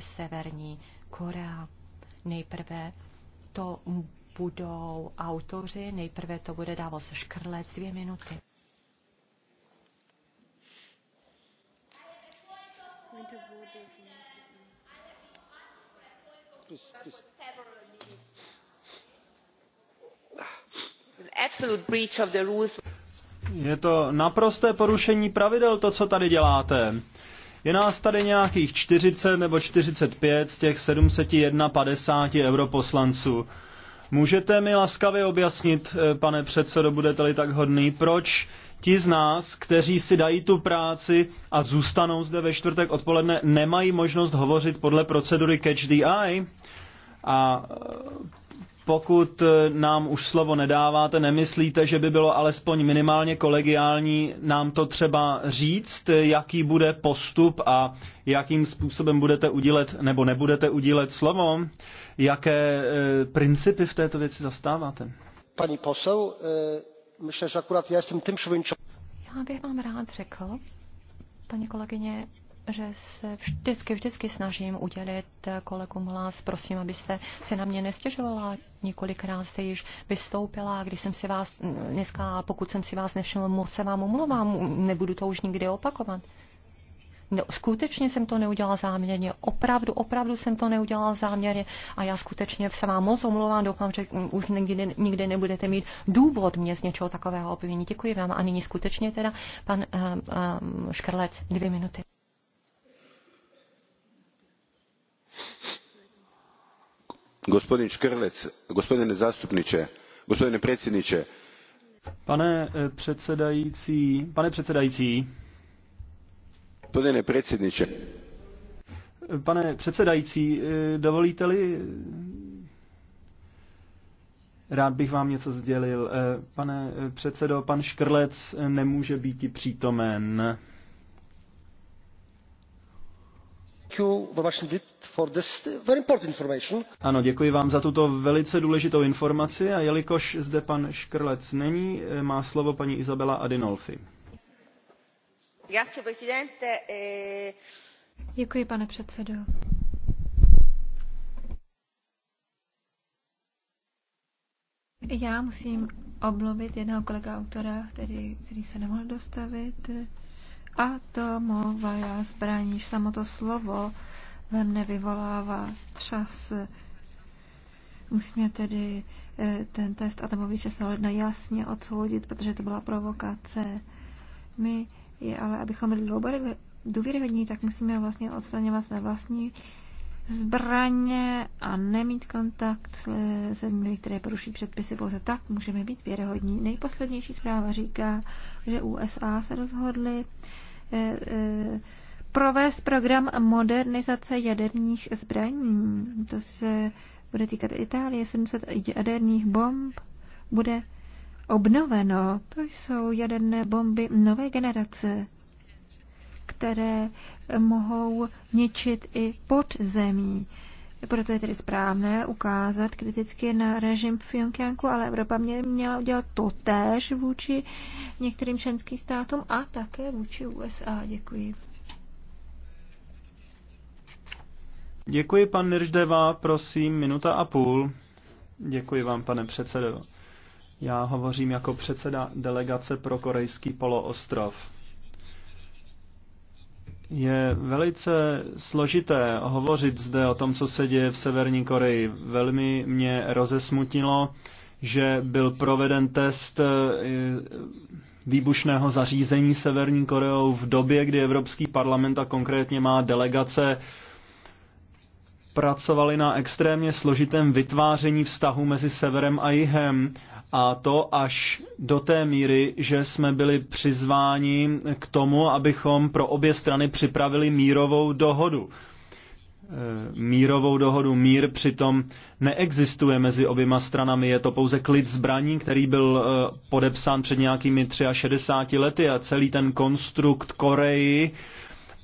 Severní Korea. Nejprve to budou autoři, nejprve to bude se Škrlec dvě minuty. Je to naprosté porušení pravidel, to, co tady děláte. Je nás tady nějakých 40 nebo 45 z těch 751 europoslanců. Můžete mi laskavě objasnit, eh, pane předsedo, budete-li tak hodný, proč ti z nás, kteří si dají tu práci a zůstanou zde ve čtvrtek odpoledne, nemají možnost hovořit podle procedury Catch the Eye? A pokud eh, nám už slovo nedáváte, nemyslíte, že by bylo alespoň minimálně kolegiální nám to třeba říct, jaký bude postup a jakým způsobem budete udílet nebo nebudete udílet slovo? Jaké e, principy v této věci zastáváte? Pani posel, e, eh, myslím, že akurát já jsem tím převinčen. Já bych vám rád řekl, paní kolegyně, že se vždycky, vždycky snažím udělit kolegům hlas. Prosím, abyste se na mě nestěžovala. Několikrát jste již vystoupila, když jsem si vás dneska, pokud jsem si vás nevšiml, moc se vám omluvám, nebudu to už nikdy opakovat. No, skutečně jsem to neudělala záměrně, opravdu, opravdu jsem to neudělala záměrně a já skutečně se vám moc omlouvám, doufám, že už nikdy, nikdy nebudete mít důvod mě z něčeho takového obvinit. Děkuji vám a nyní skutečně teda pan um, um, Škrlec, dvě minuty. gospodin škrlec gospodine zastupniče gospodine predsjedniče pane eh, předsedající pane předsedající gospodine predsjedniče eh, pane předsedající eh, dovolíte li rád bych vám něco sdělil pane předsedo pan škrlec nemůže být přítomen Ano, děkuji vám za tuto velice důležitou informaci a jelikož zde pan Škrlec není, eh, má slovo paní Izabela Adinolfi. Eh. Děkuji, pane předsedo. Já musím oblovit jednoho kolega autora, který, který se nemohl dostavit. Atomová zbraň, již samo to slovo ve mne vyvolává třas. Musíme tedy eh, ten test atomový 6. ledna jasně odsoudit, protože to byla provokace. My je ale, abychom byli důvěryhodní, tak musíme vlastně odstraňovat své vlastní zbraně a nemít kontakt s eh, zeměmi, které poruší předpisy. Pouze tak můžeme být věrohodní. Nejposlednější zpráva říká, že USA se rozhodly Eh, eh, provést program modernizace jaderních zbraní. To se bude týkat Itálie, 700 jaderných bomb bude obnoveno. To jsou jaderné bomby nové generace, které mohou ničit i pod zemí. Proto je tedy správné ukázat kriticky na režim Pyongyangu, ale Evropa mě měla udělat to též vůči některým členským státům a také vůči USA. Děkuji. Děkuji, pan Nirždeva, prosím, minuta a půl. Děkuji vám, pane předsedo. Já hovořím jako předseda delegace pro korejský poloostrov. Je velice složité hovořit zde o tom, co se děje v Severní Koreji. Velmi mě rozesmutnilo, že byl proveden test eh, výbušného zařízení Severní Koreou v době, kdy Evropský parlament a konkrétně má delegace pracovali na extrémně složitém vytváření vztahu mezi severem a jihem. A to až do té míry, že jsme byli přizváni k tomu, abychom pro obě strany připravili mírovou dohodu. E, mírovou dohodu mír přitom neexistuje mezi oběma stranami, je to pouze klid zbraní, který byl e, podepsán před nějakými 63 lety a celý ten konstrukt Koreji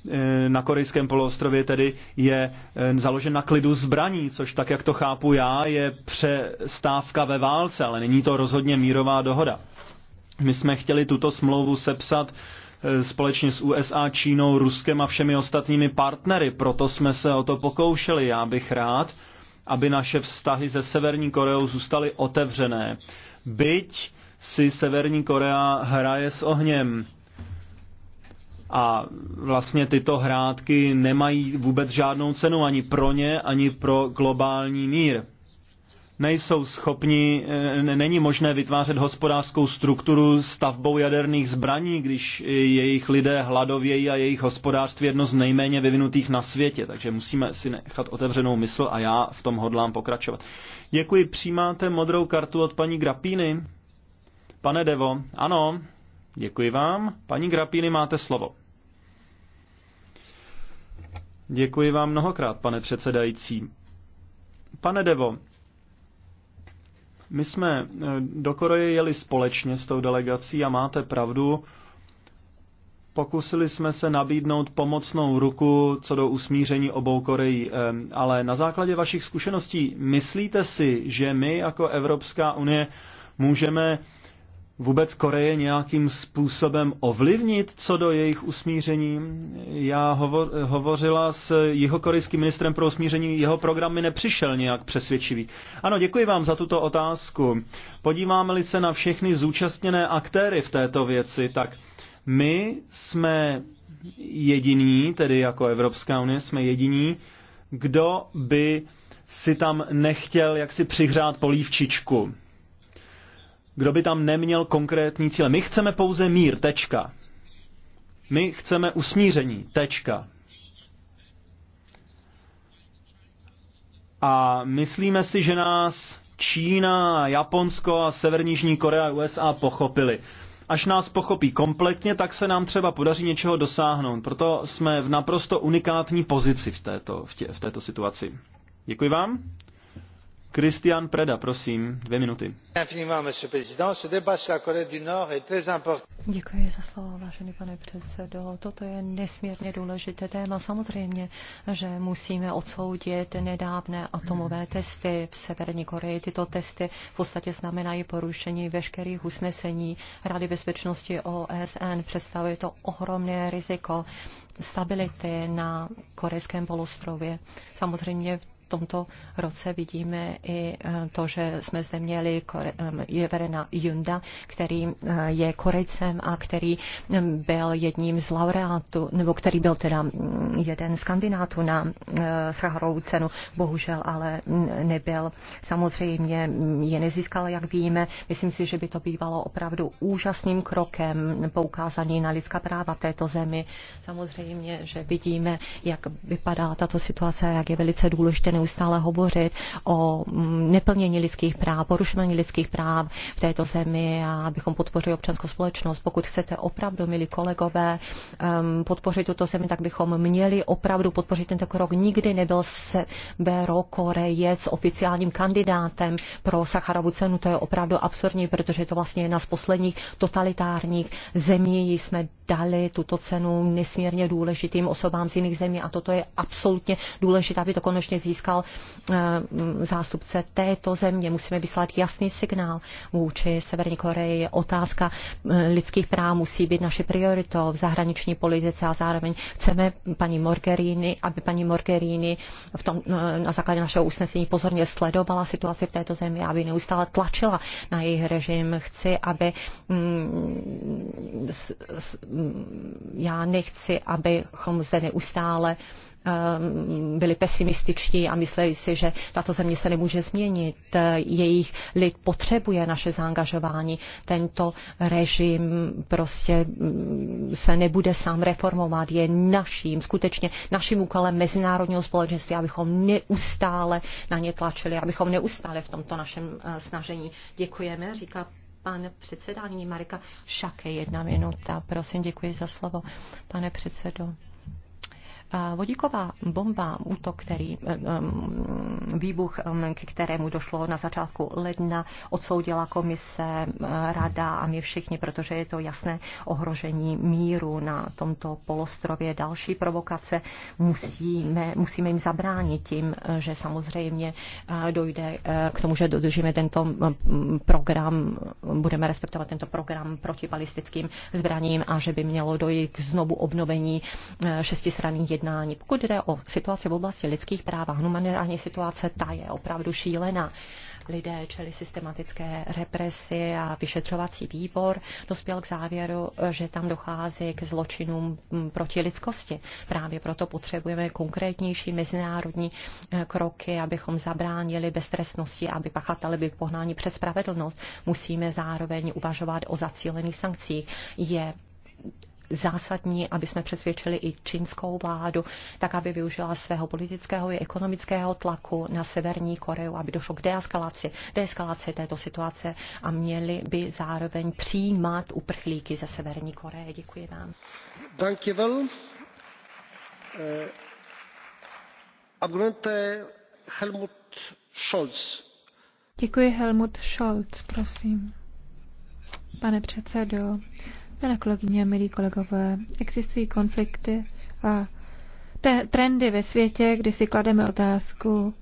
Eh, na korejském poloostrově tedy je eh, založen na klidu zbraní, což tak, jak to chápu já, je přestávka ve válce, ale není to rozhodně mírová dohoda. My jsme chtěli tuto smlouvu sepsat eh, společně s USA, Čínou, Ruskem a všemi ostatními partnery, proto jsme se o to pokoušeli. Já bych rád, aby naše vztahy se Severní Koreou zůstaly otevřené. Byť si Severní Korea hraje s ohněm, a vlastně tyto hrádky nemají vůbec žádnou cenu ani pro ně, ani pro globální mír. Nejsou schopni, eh, není možné vytvářet hospodářskou strukturu stavbou jaderných zbraní, když jejich lidé hladovějí a jejich hospodářství jedno z nejméně vyvinutých na světě. Takže musíme si nechat otevřenou mysl a já v tom hodlám pokračovat. Děkuji, přijímáte modrou kartu od paní Grapíny? Pane Devo, ano. Děkuji vám. Paní Grapíny, máte slovo. Děkuji vám mnohokrát, pane předsedající. Pane Devo, my jsme eh, do Koreje jeli společně s tou delegací a máte pravdu. Pokusili jsme se nabídnout pomocnou ruku co do usmíření obou Koreí, eh, ale na základě vašich zkušeností myslíte si, že my jako Evropská unie můžeme vůbec Koreje nějakým způsobem ovlivnit co do jejich usmíření. Já hovo- hovořila s jihokorejským ministrem pro usmíření, jeho program mi nepřišel nějak přesvědčivý. Ano, děkuji vám za tuto otázku. Podíváme-li se na všechny zúčastněné aktéry v této věci, tak my jsme jediní, tedy jako Evropská unie jsme jediní, kdo by si tam nechtěl jaksi přihřát polívčičku kdo by tam neměl konkrétní cíle. My chceme pouze mír, tečka. My chceme usmíření, tečka. A myslíme si, že nás Čína, Japonsko a Severní Jižní Korea a USA pochopili. Až nás pochopí kompletně, tak se nám třeba podaří něčeho dosáhnout. Proto jsme v naprosto unikátní pozici v této, v tě, v této situaci. Děkuji vám. Christian Preda, prosím, dvě minuty. Děkuji za slovo, vážený pane předsedo. Toto je nesmírně důležité téma. Samozřejmě, že musíme odsoudit nedávné atomové testy v Severní Koreji. Tyto testy v podstatě znamenají porušení veškerých usnesení Rady bezpečnosti OSN. Představuje to ohromné riziko stability na korejském polostrově. Samozřejmě v tomto roce vidíme i eh, to, že jsme zde měli eh, Jeverena Junda, který eh, je Korejcem a který mm, byl jedním z laureátů, nebo který byl teda mm, jeden z kandidátů na Sacharovou cenu, bohužel ale mm, nebyl. Samozřejmě je nezískal, jak víme. Myslím si, že by to bývalo opravdu úžasným krokem poukázání na lidská práva této zemi. Samozřejmě, že vidíme, jak vypadá tato situace a jak je velice důležité neustále hovořit o mm, neplnění lidských práv, porušování lidských práv v této zemi a abychom podpořili občanskou společnost. Pokud chcete opravdu, milí kolegové, podpořit tuto zemi, tak bychom měli opravdu podpořit tento krok. Nikdy nebyl s oficiálním kandidátem pro Sacharovu cenu. To je opravdu absurdní, protože je to vlastně jedna z posledních totalitárních zemí. Jsme dali tuto cenu nesmírně důležitým osobám z jiných zemí a toto je absolutně důležité, aby to konečně získalo získal eh, zástupce této země. Musíme vyslat jasný signál vůči Severní Koreji. Otázka eh, lidských práv musí být naše prioritou v zahraniční politice a zároveň chceme paní Morgerini, aby paní Morgerini v tom, eh, na základě našeho usnesení pozorně sledovala situaci v této zemi, aby neustále tlačila na jejich režim. Chci, aby mm, mm, já nechci, abychom zde neustále Ehm, byli pesimističtí a mysleli si, že tato země se nemůže změnit. Jejich lid potřebuje naše zaangažování. Tento režim prostě mm, se nebude sám reformovat. Je naším, skutečně naším úkolem mezinárodního společenství, abychom neustále na ně tlačili, abychom neustále v tomto našem eh, snažení. Děkujeme, říká pan předseda, nyní Marika Šake, jedna minuta. Prosím, děkuji za slovo, pane předsedo. Vodíková bomba, útok, který, eh, eh, výbuch, eh, k kterému došlo na začátku ledna, odsoudila komise, rada a my všichni, protože je to jasné ohrožení míru na tomto polostrově. Další provokace musíme, musíme jim zabránit tím, že samozřejmě dojde k tomu, že dodržíme tento program, budeme respektovat tento program proti balistickým zbraním a že by mělo dojít k znovu obnovení šestistranných jednání. Pokud jde o situaci v oblasti lidských práv a humanitární situace, ta je opravdu šílená. Lidé čeli systematické represi a vyšetřovací výbor dospěl k závěru, že tam dochází k zločinům mm, proti lidskosti. Právě proto potřebujeme konkrétnější mezinárodní eh, kroky, abychom zabránili beztrestnosti, aby pachatele byli pohnáni před spravedlnost. Musíme zároveň uvažovat o zacílených sankcích. Je zásadní, aby jsme přesvědčili i čínskou vládu, tak aby využila svého politického i ekonomického tlaku na Severní Koreu, aby došlo k deeskalaci, deeskalaci této situace a měli by zároveň přijímat uprchlíky ze Severní Koreje. Děkuji vám. vel. Eh, argumente Helmut Scholz. Děkuji Helmut Scholz, prosím. Pane předsedo, Milé kolegyně, milí kolegové, existují konflikty a te trendy ve světě, kdy si klademe otázku,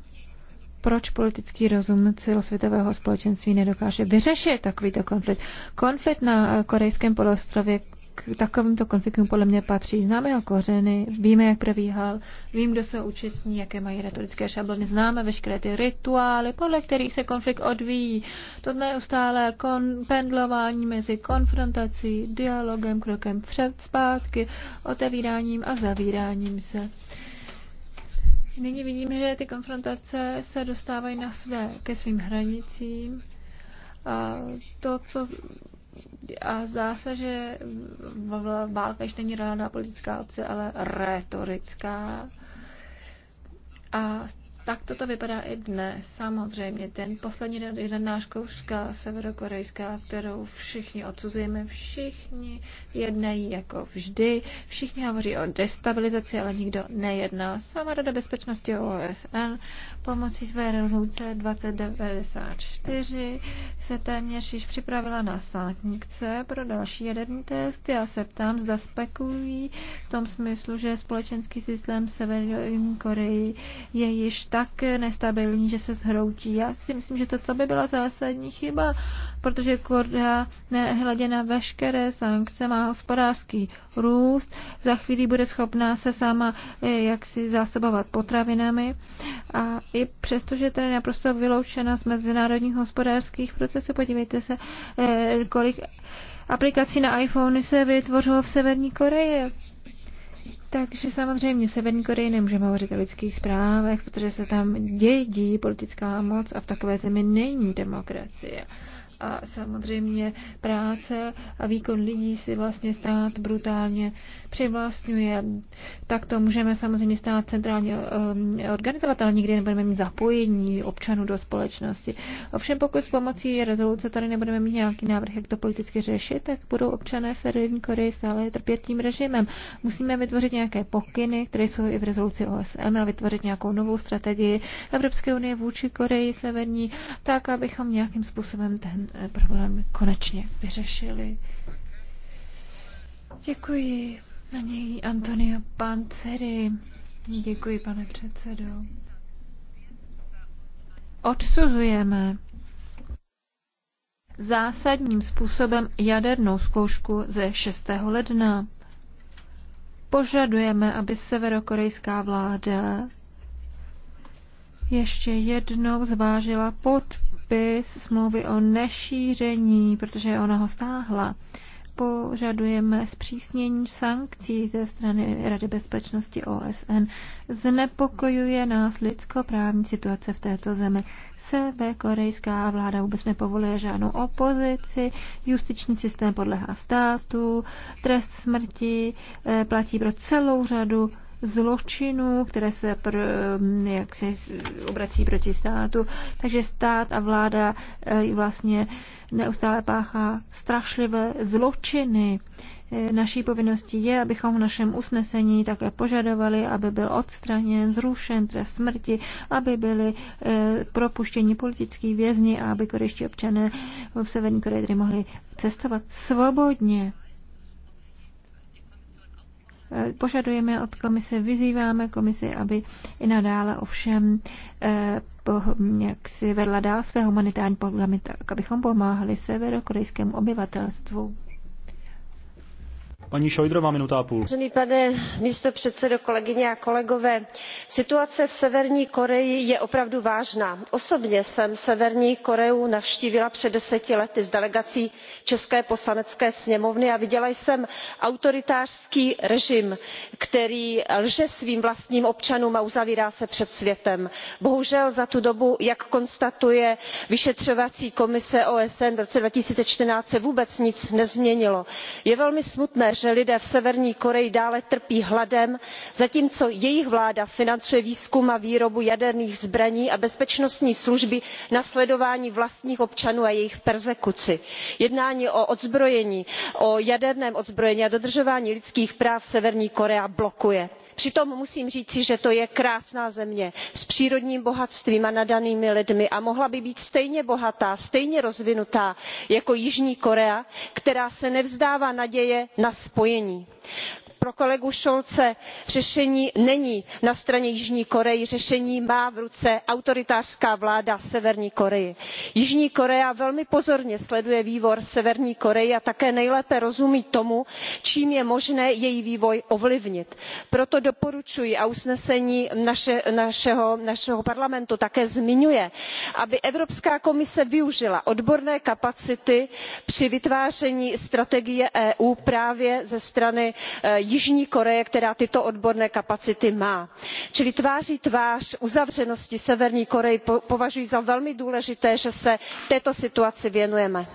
proč politický rozum celosvětového společenství nedokáže vyřešit takovýto konflikt. Konflikt na korejském poloostrově k takovýmto konfliktům podle mě patří. Známe jeho kořeny, víme, jak probíhal, vím, kdo se účastní, jaké mají retorické šablony, známe veškeré ty rituály, podle kterých se konflikt odvíjí. To neustále kon- pendlování mezi konfrontací, dialogem, krokem před, zpátky, otevíráním a zavíráním se. Nyní vidíme, že ty konfrontace se dostávají na své, ke svým hranicím. A to, co a zdá se, že válka ještě není reálná politická opce, ale retorická. A tak toto vypadá i dnes. Samozřejmě ten poslední jedna zkouška severokorejská, kterou všichni odsuzujeme, všichni jednají jako vždy, všichni hovoří o destabilizaci, ale nikdo nejedná. Sama Rada bezpečnosti OSN pomocí své rezoluce 2094 se téměř již připravila na sankce pro další jaderný test. Já se ptám, zda spekulují v tom smyslu, že společenský systém Severní Koreji je již tak nestabilní, že se zhroutí. Já si myslím, že toto by byla zásadní chyba, protože Korda nehledě na veškeré sankce má hospodářský růst, za chvíli bude schopná se sama eh, jaksi zásobovat potravinami a i přesto, že tady naprosto vyloučena z mezinárodních hospodářských procesů, podívejte se, eh, kolik aplikací na iPhone se vytvořilo v Severní Koreji. Takže samozřejmě v Severní Koreji nemůžeme hovořit o lidských právech, protože se tam dědí politická moc a v takové zemi není demokracie a samozřejmě práce a výkon lidí si vlastně stát brutálně přivlastňuje. Tak to můžeme samozřejmě stát centrálně um, organizovat, ale nikdy nebudeme mít zapojení občanů do společnosti. Ovšem pokud s pomocí rezoluce tady nebudeme mít nějaký návrh, jak to politicky řešit, tak budou občané v Severní Koreji stále trpět tím režimem. Musíme vytvořit nějaké pokyny, které jsou i v rezoluci OSN a vytvořit nějakou novou strategii Evropské unie vůči Koreji Severní, tak abychom nějakým způsobem ten Eh, problém konečně vyřešili. Děkuji na něj Antonio Panceri. Děkuji, pane předsedo. Odsuzujeme zásadním způsobem jadernou zkoušku ze 6. ledna. Požadujeme, aby severokorejská vláda ještě jednou zvážila podporu podpis smlouvy o nešíření, protože ona ho stáhla. Požadujeme zpřísnění sankcí ze strany Rady bezpečnosti OSN. Znepokojuje nás lidskoprávní situace v této zemi. Korejská vláda vůbec nepovoluje žádnou opozici, justiční systém podlehá státu, trest smrti eh, platí pro celou řadu zločinů, které se, pr, mm, jak se obrací proti státu. Takže stát a vláda eh, vlastně neustále páchá strašlivé zločiny. Eh, naší povinností je, abychom v našem usnesení také požadovali, aby byl odstraněn, zrušen trest smrti, aby byly e, eh, propuštěni politický vězni a aby korejští občané v Severní Koreji mohli cestovat svobodně. Požadujeme od komise, vyzýváme komisi, aby i nadále ovšem eh, po, jak si vedla dál své humanitární programy tak, abychom pomáhali severokorejskému obyvatelstvu. Paní Šojdrová, minuta a půl. Vážený pane místo předsedo, kolegyně a kolegové, situace v Severní Koreji je opravdu vážná. Osobně jsem Severní Koreu navštívila před deseti lety s delegací České poslanecké sněmovny a viděla jsem autoritářský režim, který lže svým vlastním občanům a uzavírá se před světem. Bohužel za tu dobu, jak konstatuje vyšetřovací komise osn v roce two thousand and fourteen se vůbec nic nezměnilo. je velmi smutné že lidé v severní koreji dále trpí hladem zatímco jejich vláda financuje výzkum a výrobu jaderných zbraní a bezpečnostní služby na sledování vlastních občanů a jejich perzekuci. jednání o odzbrojení o jaderném odzbrojení a dodržování lidských práv severní korea blokuje přitom musím říci že to je krásná země s přírodním bohatstvím a nadanými lidmi a mohla by být stejně bohatá stejně rozvinutá jako jižní korea která se nevzdává naděje na spojení pro kolegu scholze řešení není na straně jižní koreje řešení má v ruce autoritářská vláda severní koreje. jižní korea velmi pozorně sleduje vývoj v severní koreji a také nejlépe rozumí tomu čím je možné její vývoj ovlivnit. proto doporučuji a usnesení našeho parlamentu také zmiňuje aby evropská komise využila odborné kapacity při vytváření strategie eu právě ze strany eh, jižní koreje která tyto odborné kapacity má. čili tváří v tvář uzavřenosti severní koreje považuji za velmi důležité že se této situaci věnujeme.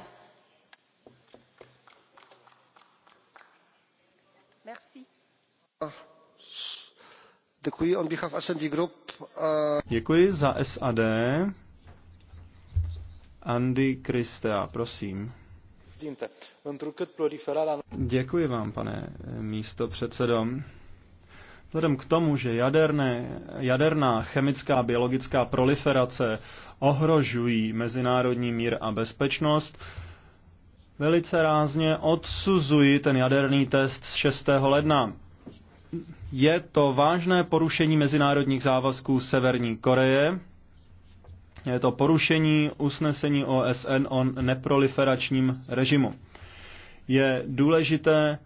Děkuji za SAD. Andy prosím. Děkuji vám, pane eh, místo předsedo. Vzhledem k tomu, že jaderné, jaderná, chemická, biologická proliferace ohrožují mezinárodní mír a bezpečnost, velice rázně odsuzuji ten jaderný test z 6. ledna. Je to vážné porušení mezinárodních závazků Severní Koreje je to porušení usnesení OSN o neproliferačním režimu. Je důležité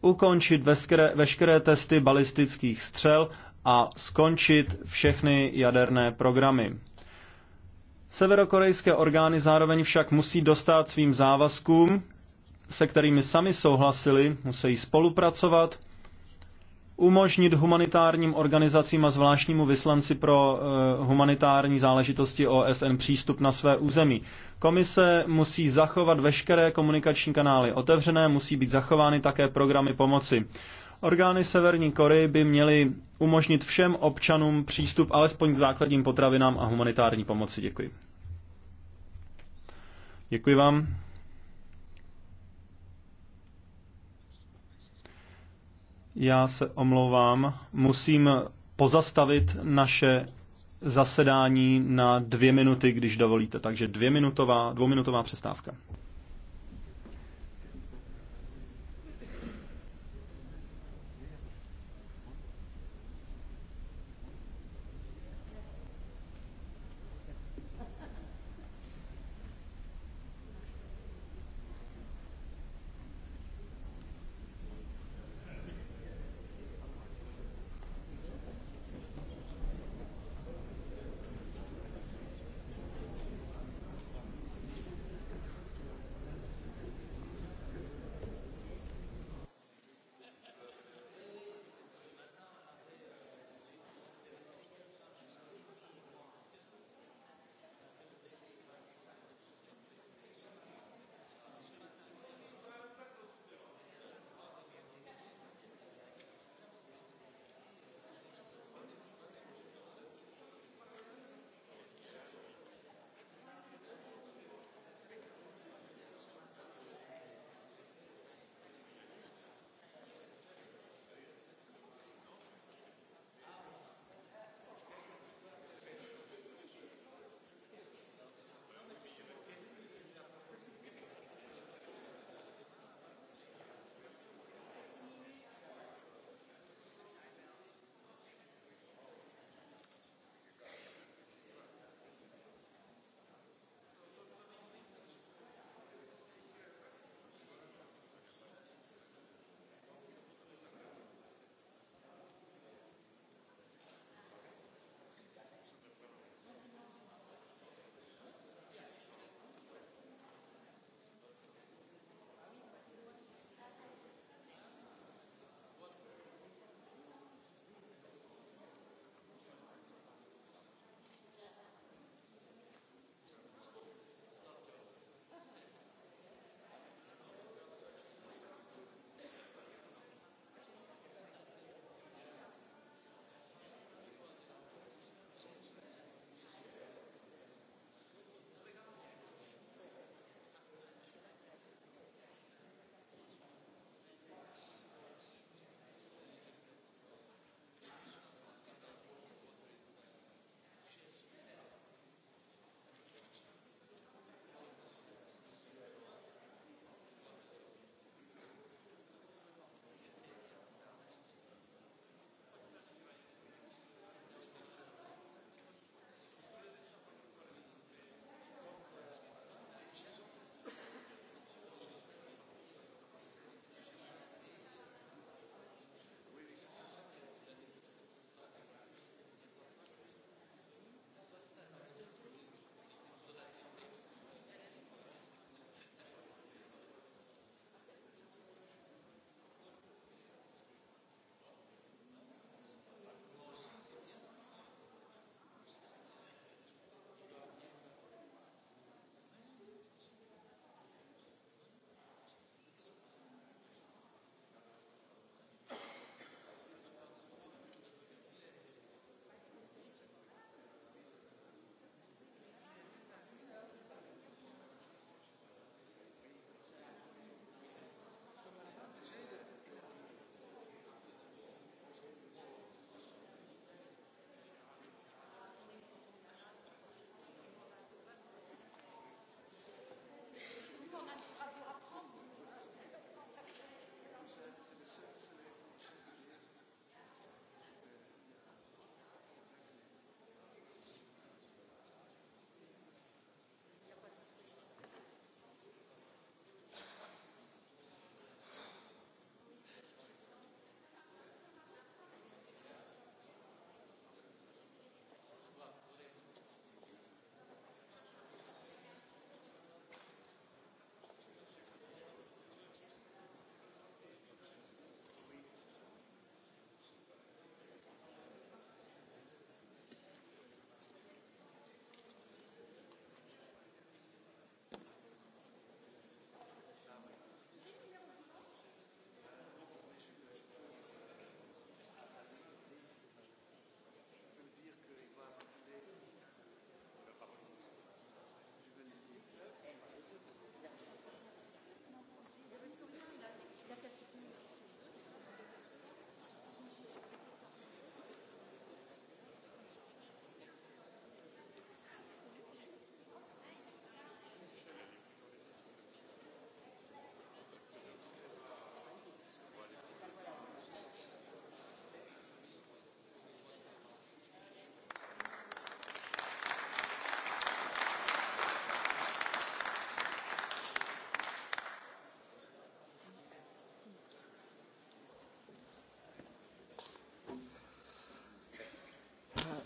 ukončit veškeré, veškeré testy balistických střel a skončit všechny jaderné programy. Severokorejské orgány zároveň však musí dostat svým závazkům, se kterými sami souhlasili, musí spolupracovat umožnit humanitárním organizacím a zvláštnímu vyslanci pro eh, humanitární záležitosti OSN přístup na své území. Komise musí zachovat veškeré komunikační kanály otevřené, musí být zachovány také programy pomoci. Orgány Severní Koreji by měly umožnit všem občanům přístup alespoň k základním potravinám a humanitární pomoci. Děkuji. Děkuji vám. Já se omlouvám. Musím pozastavit naše zasedání na dvě minuty, když dovolíte. Takže dvě minutová, dvouminutová přestávka.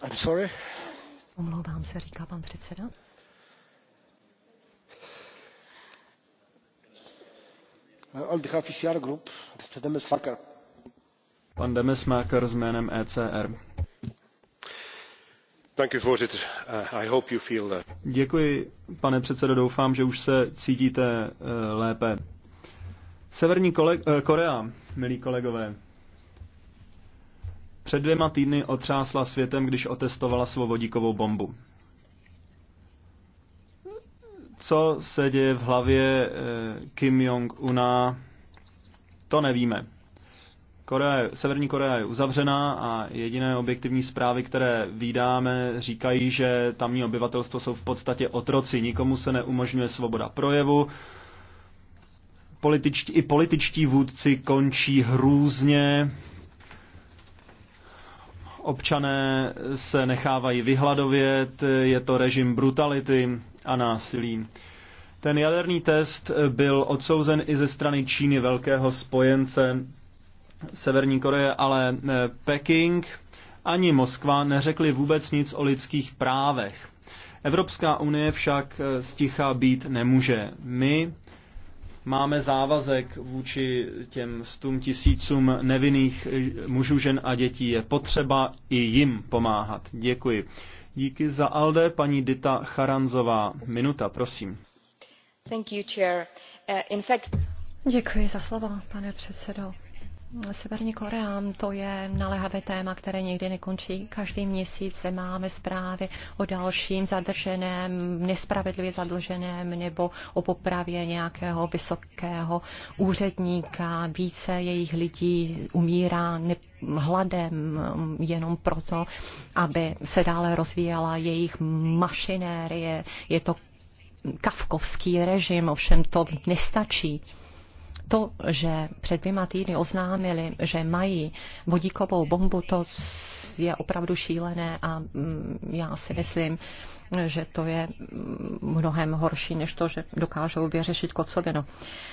I'm sorry. Omlouvám se, říká pan předseda. Uh, on behalf CR Group, Mr. Demesmaker. Pan Demesmaker s jménem ECR. Uh, Děkuji, pane předsedo, doufám, že už se cítíte uh, lépe. Severní Korea, milí kolegové, před dvěma týdny otřásla světem, když otestovala svobodíkovou bombu. Co se děje v hlavě eh, Kim Jong-una, to nevíme. Korea, Severní Korea je uzavřená a jediné objektivní zprávy, které vydáme, říkají, že tamní obyvatelstvo jsou v podstatě otroci. Nikomu se neumožňuje svoboda projevu. Političtí, I političtí vůdci končí hrůzně Občané se nechávají vyhladovět, je to režim brutality a násilí. Ten jaderný test byl odsouzen i ze strany Číny velkého spojence Severní Koreje, ale eh, Peking ani Moskva neřekli vůbec nic o lidských právech. Evropská unie však eh, sticha být nemůže. My máme závazek vůči těm stům tisícům nevinných mužů, žen a dětí. Je potřeba i jim pomáhat. Děkuji. Díky za Alde, paní Dita Charanzová. Minuta, prosím. Uh, Děkuji za slovo, pane předsedo. Severní Korea, to je naléhavé téma, které někdy nekončí. Každý měsíc máme zprávy o dalším zadrženém, nespravedlivě zadrženém nebo o popravě nějakého vysokého úředníka. Více jejich lidí umírá ne- hladem jenom proto, aby se dále rozvíjela jejich mašinérie. Je to kafkovský režim, ovšem to nestačí. To, že před dvěma týdny oznámili, že mají vodíkovou bombu, to je opravdu šílené a mm, já si myslím, že to je mm, mnohem horší, než to, že dokážou vyřešit kocovinu.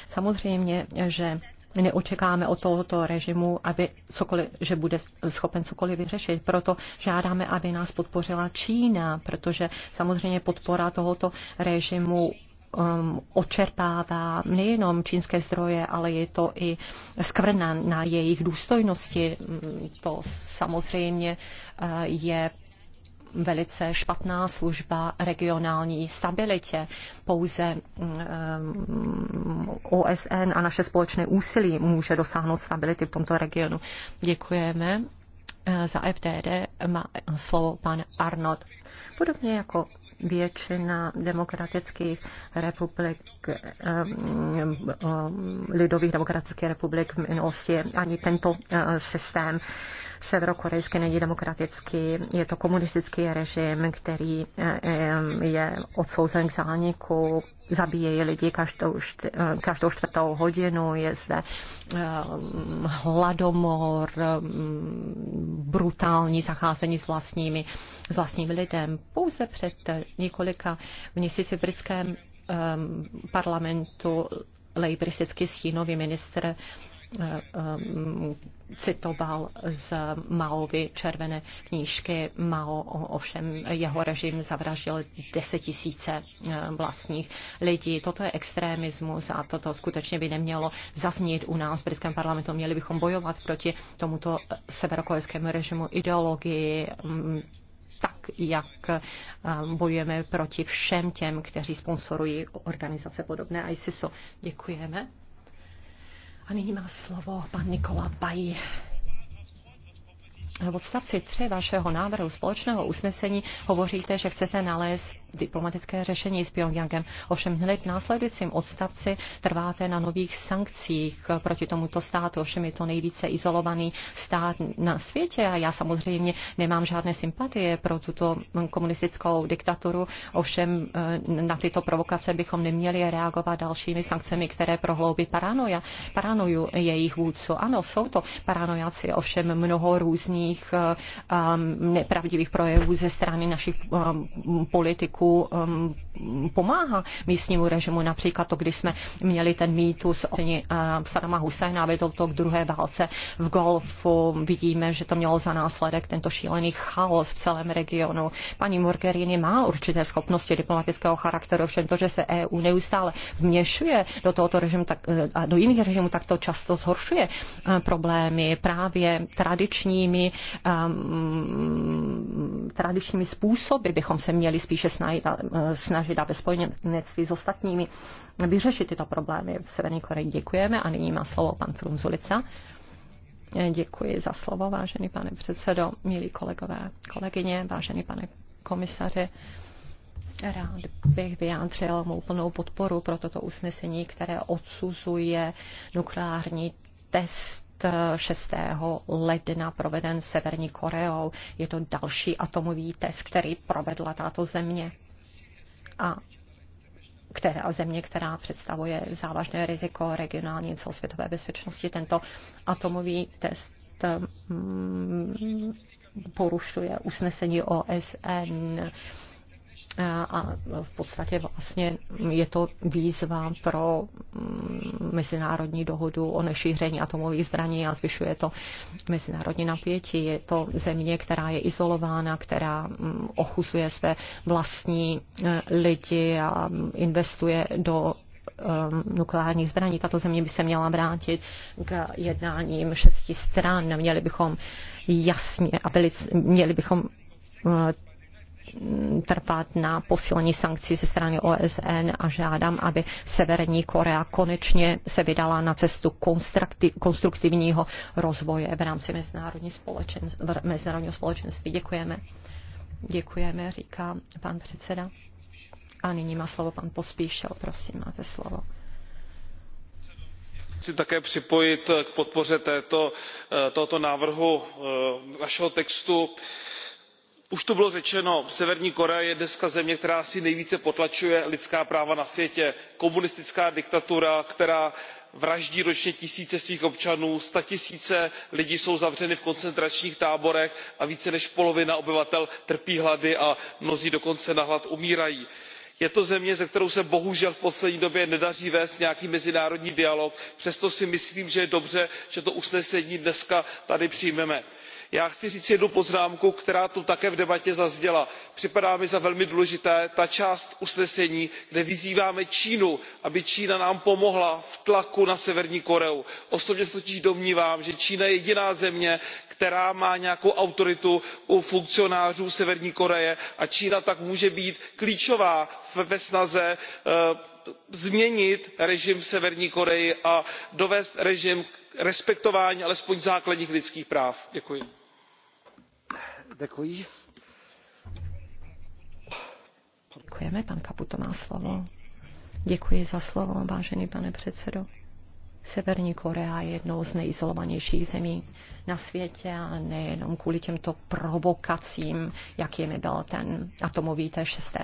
Samozřejmě, že neočekáme od tohoto režimu, aby cokoliv, že bude schopen cokoliv vyřešit. Proto žádáme, aby nás podpořila Čína, protože samozřejmě podpora tohoto režimu um, očerpává nejenom čínské zdroje, ale je to i skvrna na jejich důstojnosti. Mm, to samozřejmě uh, je velice špatná služba regionální stabilitě. Pouze um, OSN a naše společné úsilí může dosáhnout stability v tomto regionu. Děkujeme. Eh, za FTD má slovo pan Arnold. Podobně jako většina demokratických republik, eh, eh, lidových demokratických republik v minulosti, ani tento systém Severokorejský není demokratický, je to komunistický režim, který eh, je odsouzen k zániku, zabíjejí lidi každou, eh, každou čtvrtou hodinu, je zde eh, hladomor, mm, brutální zacházení s vlastními, s vlastními lidem. Pouze před několika měsíci v britském parlamentu lejbristický stínový ministr Eh, ehm, citoval z Maovy červené knížky. Mao ovšem jeho režim zavraždil desetisíce eh, vlastních lidí. Toto je extremismus a toto skutečně by nemělo zaznít u nás v britském parlamentu. Měli bychom bojovat proti tomuto severokorejskému režimu ideologii, mm, tak, jak eh, bojujeme proti všem těm, kteří sponsorují organizace podobné ISISu. Děkujeme. A nyní má slovo pan Nikola Bají. V odstavci 3 vašeho návrhu společného usnesení hovoříte, že chcete nalézt diplomatické řešení s Pyongyangem. Ovšem hned v následujícím odstavci trváte na nových sankcích proti tomuto státu. Ovšem je to nejvíce izolovaný stát na světě a já samozřejmě nemám žádné sympatie pro tuto komunistickou diktaturu. Ovšem eh, na tyto provokace bychom neměli reagovat dalšími sankcemi, které prohloubí paranoja, paranoju jejich vůdců. Ano, jsou to paranojaci, ovšem mnoho různých um, nepravdivých projevů ze strany našich um, politiků trochu um, pomáhá místnímu režimu. Například to, když jsme měli ten mýtus o uh, Sadama Husajna, vedl to k druhé válce v Golfu. Vidíme, že to mělo za následek tento šílený chaos v celém regionu. Paní Morgerini má určité schopnosti diplomatického charakteru, všem to, že se EU neustále vměšuje do tohoto režimu tak, eh, a do jiných režimů, tak to často zhoršuje uh, problémy právě tradičními, um, tradičními způsoby bychom se měli spíše snažit najít, eh, snažit a ve spojenectví s ostatními vyřešit tyto problémy v Severní Koreji. Děkujeme a nyní má slovo pan Frunzulica. Eh, děkuji za slovo, vážený pane předsedo, milí kolegové, kolegyně, vážený pane komisaři. Rád bych vyjádřil mou plnou podporu pro toto usnesení, které odsuzuje nukleární test 6. ledna proveden Severní Koreou. Je to další atomový test, který provedla tato země. A která země, která představuje závažné riziko regionální celosvětové bezpečnosti. Tento atomový test mm, porušuje usnesení OSN Eh, a v podstatě vlastně je to výzva pro mm, mezinárodní dohodu o nešíření atomových zbraní a zvyšuje to mezinárodní napětí. Je to země, která je izolována, která mm, ochuzuje své vlastní eh, lidi a mm, investuje do eh, nukleárních zbraní. Tato země by se měla vrátit k jednáním šesti stran. Měli bychom jasně a měli bychom Mm, trvat na posílení sankcí ze strany OSN a žádám, aby Severní Korea konečně se vydala na cestu konstruktivního rozvoje v rámci mezinárodní společenství, mezinárodního společenství. Děkujeme. Děkujeme, říká pan předseda. A nyní má slovo pan Pospíšil. Prosím, máte slovo chci také připojit k podpoře této, eh, tohoto návrhu našeho eh, textu už zde bylo řečeno severní korea je dnes země která asi nejvíce potlačuje lidská práva na světě komunistická diktatura která vraždí ročně tisíce svých občanů statisíce lidí jsou zavřeny v koncentračních táborech a více než polovina obyvatel trpí hlady a mnozí dokonce na hlad umírají. je to země se kterou se bohužel v poslední době nedaří vést nějaký mezinárodní dialog přesto si myslím že je dobře že to usnesení dnes tady přijmeme já chci říci jednu poznámku která tu také v debatě zazněla. připadá mi za velmi důležitou ta část usnesení kde vyzýváme čínu aby čína nám pomohla v tlaku na severní koreu. osobně se totiž domnívám že čína je jediná země která má nějakou autoritu u funkcionářů severní koreje a čína tak může být klíčová ve snaze eh, změnit režim v severní koreji a dovést režim k respektování alespoň základních lidských práv. děkuji. Děkuji. Děkujeme, pan Kaputo má slovo. Děkuji za slovo, vážený pane předsedo. Severní Korea je jednou z nejizolovanějších zemí na světě a nejenom kvůli těmto provokacím, jakými byl ten atomový té 6.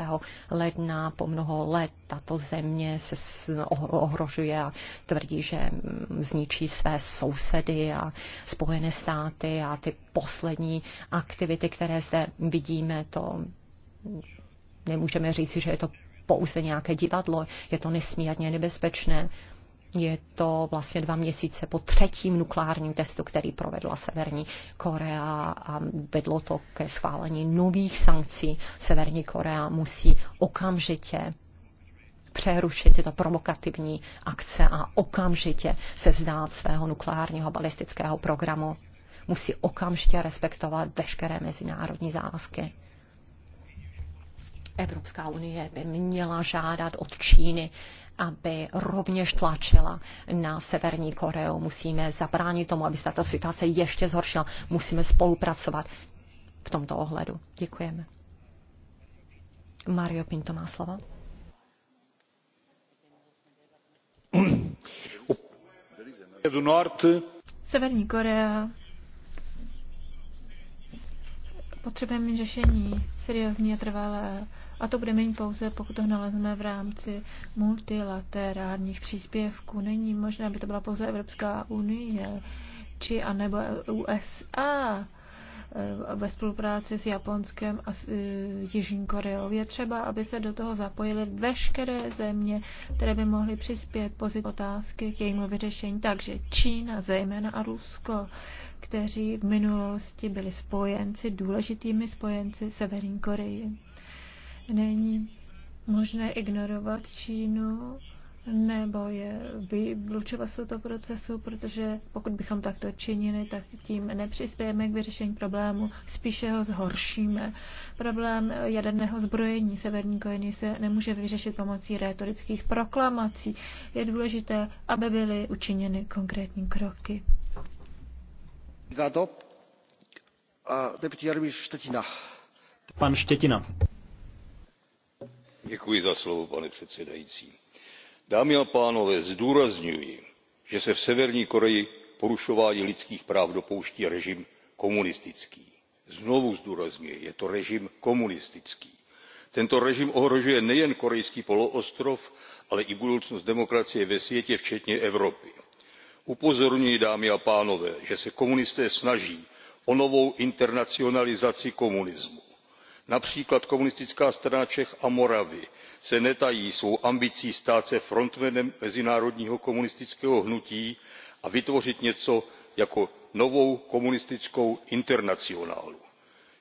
ledna. Po mnoho let tato země se ohrožuje a tvrdí, že mm, zničí své sousedy a spojené státy a ty poslední aktivity, které zde vidíme, to nemůžeme říci, že je to pouze nějaké divadlo, je to nesmírně nebezpečné. Je to vlastně dva měsíce po třetím nukleárním testu, který provedla Severní Korea a vedlo to ke schválení nových sankcí. Severní Korea musí okamžitě přerušit tyto provokativní akce a okamžitě se vzdát svého nukleárního balistického programu. Musí okamžitě respektovat veškeré mezinárodní závazky. Evropská unie by měla žádat od Číny, aby rovněž tlačila na Severní Koreu. Musíme zabránit tomu, aby se tato situace ještě zhoršila. Musíme spolupracovat v tomto ohledu. Děkujeme. Mario Pinto má slovo. Severní Korea potřebujeme řešení seriózní a trvalé a to bude mít pouze, pokud to nalezneme v rámci multilaterálních příspěvků. Není možné, aby to byla pouze Evropská unie či anebo USA eh, ve spolupráci s Japonskem a s eh, Jižní Koreou. Je třeba, aby se do toho zapojily veškeré země, které by mohly přispět pozit otázky k jejímu vyřešení. Takže Čína, zejména a Rusko, kteří v minulosti byli spojenci, důležitými spojenci Severní Koreji. Není možné ignorovat Čínu nebo je vylučovat z tohoto procesu, protože pokud bychom takto činili, tak tím nepřispějeme k vyřešení problému, spíše ho zhoršíme. Problém jaderného zbrojení Severní Koreji se nemůže vyřešit pomocí rétorických proklamací. Je důležité, aby byly učiněny konkrétní kroky. Pan Štětina pane předsedající zdůrazňuji že se v severní koreji porušování lidských práv dopouští režim komunistický. znovu zdůrazňuji je to režim komunistický. tento režim ohrožuje nejen korejský poloostrov ale i budoucnost demokracie ve světě včetně evropy. upozorňuji dámy a pánové že se komunisté snaží o novou internacionalizaci komunismu například komunistická strana čech a moravy se netají svou ambicí stát se frontmanem mezinárodního komunistického hnutí a vytvořit něco jako novou komunistickou internacionálu.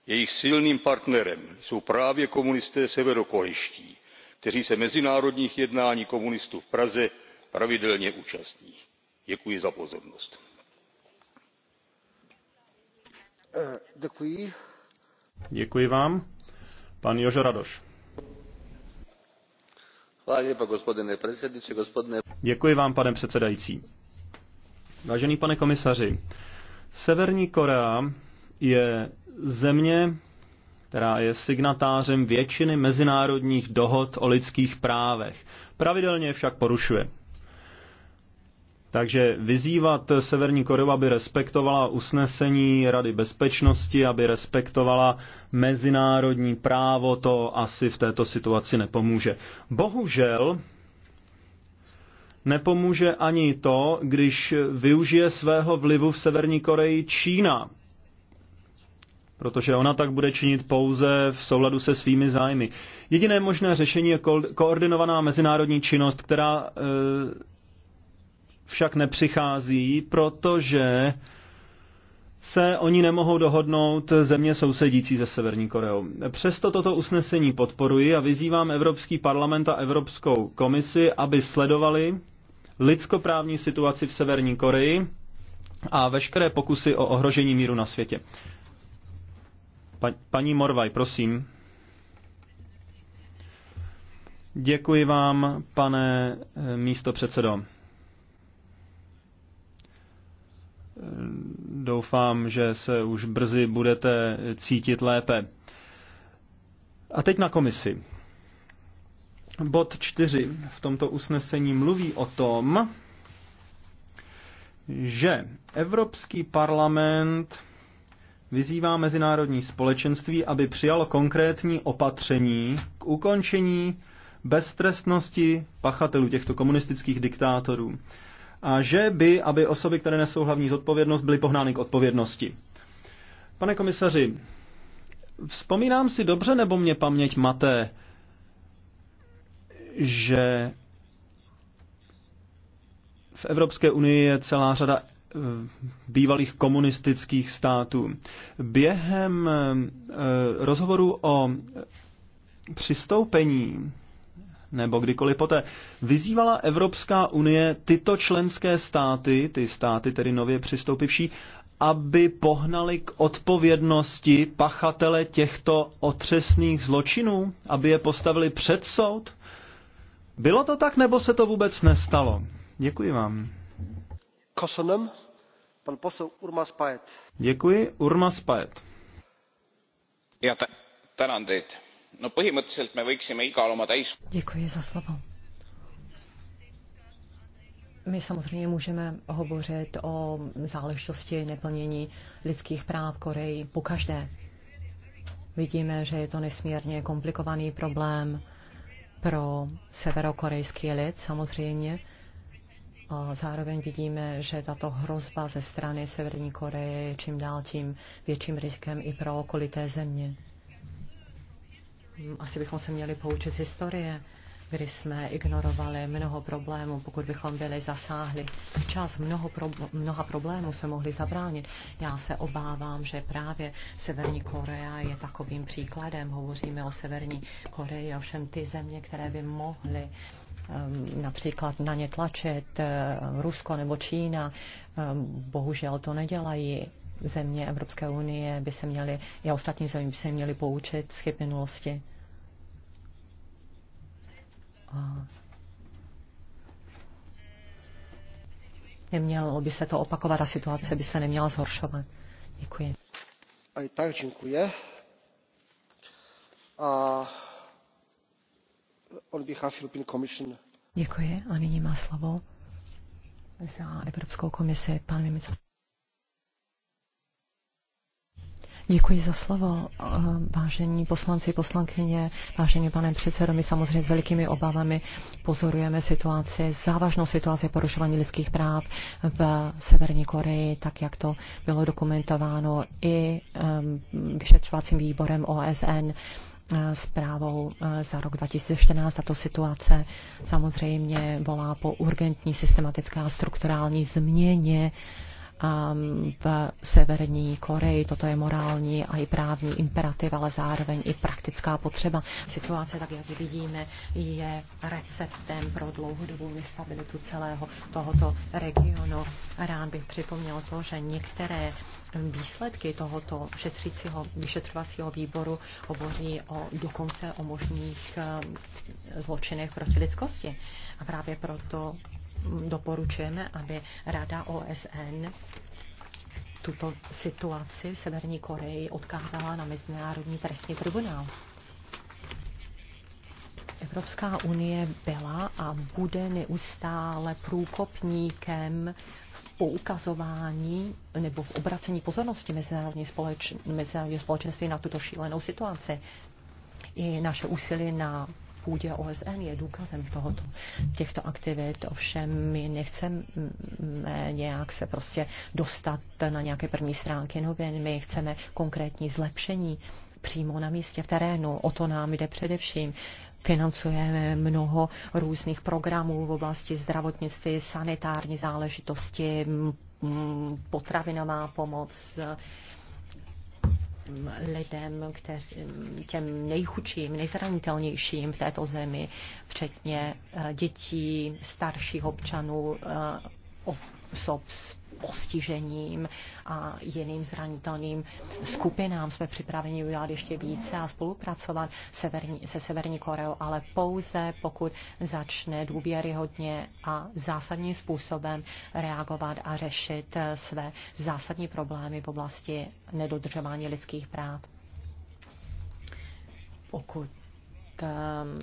jejich silným partnerem jsou právě komunisté severokorejští kteří se mezinárodních jednání komunistů v praze pravidelně účastní. děkuji za pozornost. Eh, děkuji vám. Pan Jožo Radoš. Děkuji vám, pane předsedající. Vážený pane komisaři, Severní Korea je země, která je signatářem většiny mezinárodních dohod o lidských právech. Pravidelně je však porušuje. Takže vyzývat Severní Koreu, aby respektovala usnesení Rady bezpečnosti, aby respektovala mezinárodní právo, to asi v této situaci nepomůže. Bohužel nepomůže ani to, když využije svého vlivu v Severní Koreji Čína, protože ona tak bude činit pouze v souladu se svými zájmy. Jediné možné řešení je ko- koordinovaná mezinárodní činnost, která e, však nepřichází, protože se oni nemohou dohodnout země sousedící se Severní Koreou. Přesto toto usnesení podporuji a vyzývám Evropský parlament a Evropskou komisi, aby sledovali lidskoprávní situaci v Severní Koreji a veškeré pokusy o ohrožení míru na světě. Pa- paní Morvaj, prosím. Děkuji vám, pane eh, místo předsedo. Doufám, že se už brzy budete cítit lépe. A teď na komisi. Bod 4 v tomto usnesení mluví o tom, že Evropský parlament vyzývá mezinárodní společenství, aby přijalo konkrétní opatření k ukončení beztrestnosti pachatelů těchto komunistických diktátorů a že by, aby osoby, které nesou hlavní zodpovědnost, byly pohnány k odpovědnosti. Pane komisaři, vzpomínám si dobře, nebo mě paměť maté, že v Evropské unii je celá řada eh, bývalých komunistických států. Během eh, rozhovoru o přistoupení nebo kdykoliv poté, vyzývala Evropská unie tyto členské státy, ty státy tedy nově přistoupivší, aby pohnali k odpovědnosti pachatele těchto otřesných zločinů, aby je postavili před soud? Bylo to tak, nebo se to vůbec nestalo? Děkuji vám. Kosonem, pan posel Urmas Paet. Děkuji, Urmas Paet. Já te, no põhimõtteliselt me võiksime igal oma täis... Děkuji za My samozřejmě můžeme hovořit o záležitosti neplnění lidských práv Koreji po každé. Vidíme, že je to nesmírně komplikovaný problém pro severokorejský lid samozřejmě. A zároveň vidíme, že tato hrozba ze strany Severní Koreje je čím dál tím větším rizikem i pro okolité země asi bychom se měli poučit z historie, kdy jsme ignorovali mnoho problémů, pokud bychom byli zasáhli včas, mnoho pro, mnoha problémů se mohli zabránit. Já se obávám, že právě Severní Korea je takovým příkladem. Hovoříme o Severní Koreji, ovšem ty země, které by mohly ehm, například na ně tlačit eh, Rusko nebo Čína. Ehm, bohužel to nedělají země Evropské unie by se měly, i ostatní země by se měly poučit z chyb minulosti. A nemělo by se to opakovat a situace by se neměla zhoršovat. Děkuji. A i tak děkuji. A on behalf European Commission. Děkuji a nyní má slovo za Evropskou komisi pan Mimica. Děkuji za slovo. Eh, vážení poslanci, poslankyně, vážený pane předsedo, my samozřejmě s velikými obavami pozorujeme situaci, závažnou situaci porušování lidských práv v Severní Koreji, tak jak to bylo dokumentováno i eh, vyšetřovacím výborem OSN eh, zprávou za rok 2014. Tato situace samozřejmě volá po urgentní, systematické a strukturální změně v Severní Koreji. Toto je morální a i právní imperativ, ale zároveň i praktická potřeba. Situace, tak jak vidíme, je receptem pro dlouhodobou nestabilitu celého tohoto regionu. Rád bych připomněl to, že některé výsledky tohoto šetřícího vyšetřovacího výboru hovoří o, dokonce o možných eh, zločinech proti lidskosti. A právě proto doporučujeme, aby Rada OSN tuto situaci v Severní Koreji odkázala na Mezinárodní trestní tribunál. Evropská unie byla a bude neustále průkopníkem v poukazování nebo v obracení pozornosti mezinárodní, společ, mezinárodní společenství na tuto šílenou situaci. I naše úsilí na půdě OSN je důkazem tohoto, těchto aktivit. Ovšem my nechceme nějak se prostě dostat na nějaké první stránky novin. My chceme konkrétní zlepšení přímo na místě, v terénu. O to nám jde především financujeme mnoho různých programů v oblasti zdravotnictví, sanitární záležitosti, potravinová pomoc, lidem, kteři, těm nejchučím, nejzranitelnějším v této zemi, včetně eh, dětí, starších občanů, eh, osob s postižením a jiným zranitelným skupinám. Jsme připraveni udělat ještě více a spolupracovat severní, se Severní Koreou, ale pouze pokud začne důvěryhodně a zásadním způsobem reagovat a řešit eh, své zásadní problémy v oblasti nedodržování lidských práv. Pokud Um,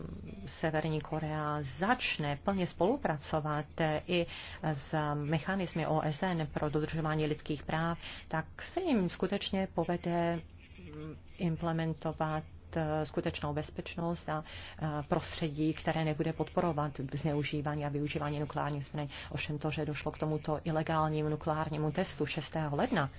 Severní Korea začne plně spolupracovat eh, i s um, mechanismy OSN pro dodržování lidských práv, tak se jim skutečně povede mm, implementovat eh, skutečnou bezpečnost a eh, prostředí, které nebude podporovat zneužívání a využívání nukleární zbraní. Ovšem to, že došlo k tomuto ilegálnímu nukleárnímu testu 6. ledna,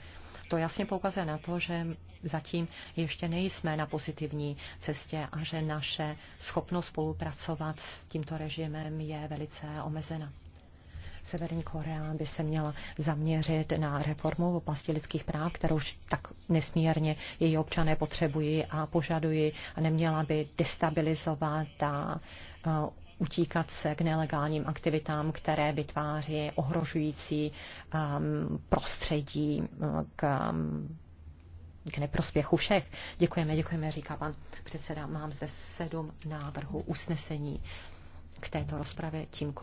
to jasně poukazuje na to, že zatím ještě nejsme na pozitivní cestě a že naše schopnost spolupracovat s tímto režimem je velice omezena. Severní Korea by se měla zaměřit na reformu v oblasti lidských práv, kterou už tak nesmírně její občané potřebují a požadují a neměla by destabilizovat a utíkat se k nelegálním aktivitám, které vytváří ohrožující um, prostředí uh, k, um, k neprospěchu všech. Děkujeme, děkujeme, říká pan předseda. Mám zde sedm návrhů usnesení k této rozpravě. Tím končím.